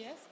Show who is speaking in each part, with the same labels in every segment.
Speaker 1: Yes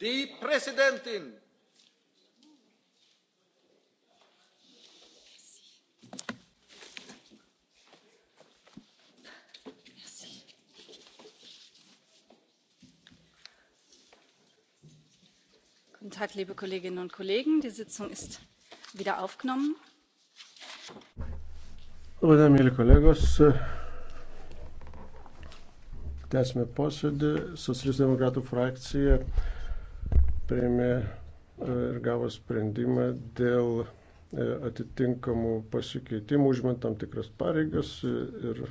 Speaker 2: die präsidentin! guten tag liebe kolleginnen und kollegen! die sitzung ist wieder aufgenommen. laba diena mieli kolegos tęsiame posėdį socialistų demokratų frakcija priėmė e, ir gavo sprendimą dėl e, atitinkamų pasikeitimų, užimant tam tikras pareigas e, ir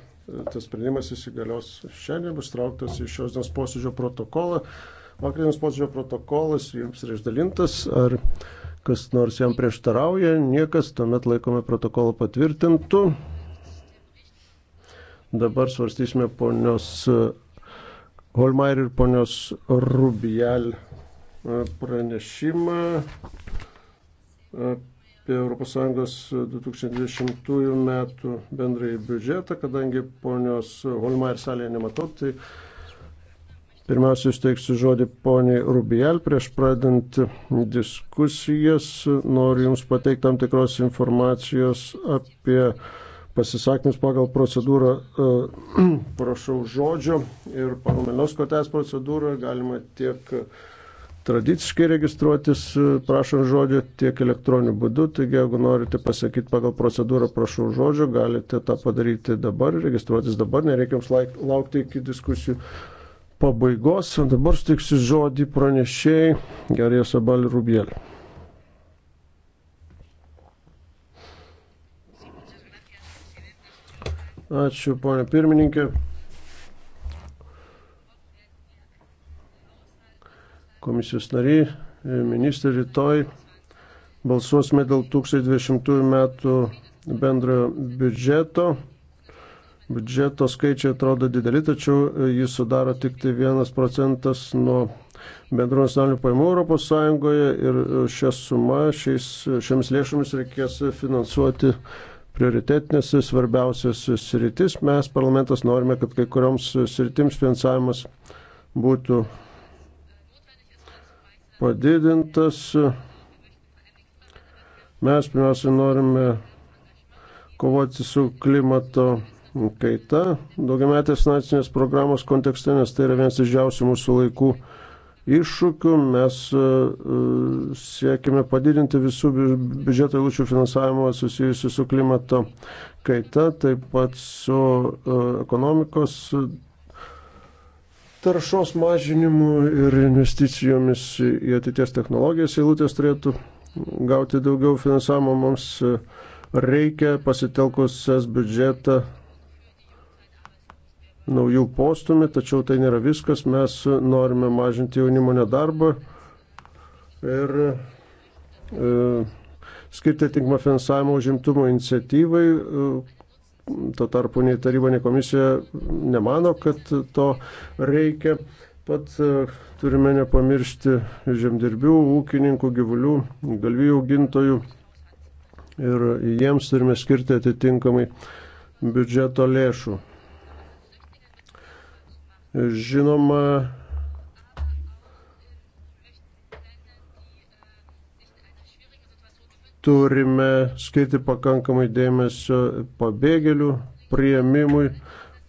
Speaker 2: tas sprendimas įsigalios šiandien, bus trauktas į šios dienos posėdžio protokolą. Vakarienės posėdžio protokolas jums yra išdalintas, ar kas nors jam prieštarauja, niekas, tuomet laikome protokolą patvirtintų. Dabar svarstysime ponios Holmair ir ponios Rubial pranešimą apie ES 2020 metų bendrąjį biudžetą, kadangi ponios Holmaier salėje nematau, tai pirmiausia, išteiksiu žodį poniai Rubijel. Prieš pradant diskusijas noriu Jums pateikti tam tikros informacijos apie pasisakymus pagal procedūrą, e, prašau žodžio ir pagal Melnios kortelės procedūrą galima tiek tradiciškai registruotis, e, prašom žodžio, tiek elektroniniu būdu. Taigi, jeigu norite pasakyti pagal procedūrą, prašau žodžio, galite tą padaryti dabar, registruotis dabar, nereikia jums laik, laukti iki diskusijų pabaigos. O dabar stiksiu žodį pranešėjai Gerija Sabalį Rubėlį. Ačiū, ponė pirmininkė. komisijos nariai, e, ministrai rytoj balsuosime dėl 2020 metų bendrojo biudžeto. Biudžeto skaičiai atrodo dideli, tačiau e, jis sudaro tik tai 1 procentas nuo bendro nacionalinių pajamų Europos Sąjungoje ir e, šią sumą šiais, šiems lėšomis reikės finansuoti prioritetinės svarbiausias sritis. Mes parlamentas norime, kad kai kurioms sritims finansavimas būtų padidintas. Mes pirmiausia norime kovoti su klimato kaita daugiametės nacinės programos kontekste, nes tai yra vienas iš didžiausių mūsų laikų iššūkių. Mes e, siekime padidinti visų biudžeto eilučių finansavimo susijusių su klimato kaita, taip pat su e, ekonomikos taršos mažinimu ir investicijomis į ateities technologijas eilutės turėtų gauti daugiau finansavimo. Mums reikia pasitelkus S biudžetą naujų postumį, tačiau tai nėra viskas. Mes norime mažinti jaunimo nedarbą ir e, skirti tinkamą finansavimą užimtumo iniciatyvai, e, Tuo tarpu nei taryba, nei komisija nemano, kad to reikia. Pat e, turime nepamiršti žemdirbių, ūkininkų, gyvulių, galvijų augintojų ir jiems turime skirti atitinkamai biudžeto lėšų. Žinoma, turime skirti pakankamai dėmesio pabėgėlių prieimimui,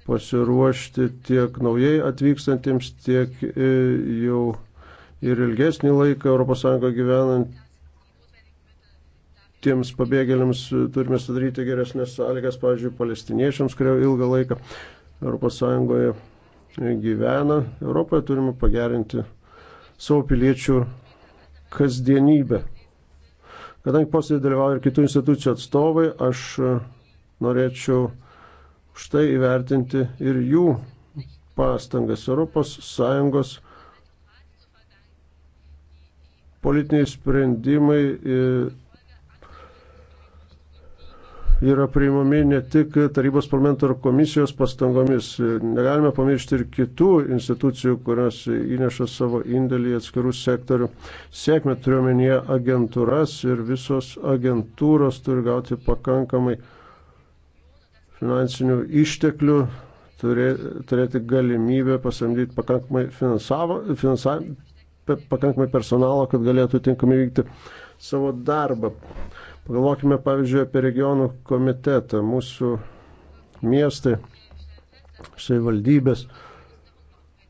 Speaker 2: pasiruošti tiek naujai atvykstantiems, tiek e, jau ir ilgesnį laiką ES gyvenant. Tiems pabėgėliams turime sudaryti geresnės sąlygas, pavyzdžiui, palestiniečiams, kurie ilgą laiką ES gyvena. Europoje turime pagerinti savo piliečių kasdienybę. Kadangi posėdį dalyvauja ir kitų institucijų atstovai, aš e, norėčiau štai įvertinti ir jų pastangas Europos Sąjungos politiniai sprendimai e, yra priimami ne tik tarybos parlamento ir komisijos pastangomis. Negalime pamiršti ir kitų institucijų, kurios įneša savo indėlį į atskirų sektorių. Sėkmę turiuomenyje agentūras ir visos agentūros turi gauti pakankamai finansinių išteklių, turė, turėti galimybę pasamdyti pakankamai, pakankamai personalo, kad galėtų tinkamai vykti savo darbą. Pagalvokime, pavyzdžiui, apie regionų komitetą, mūsų miestai, savivaldybės. valdybės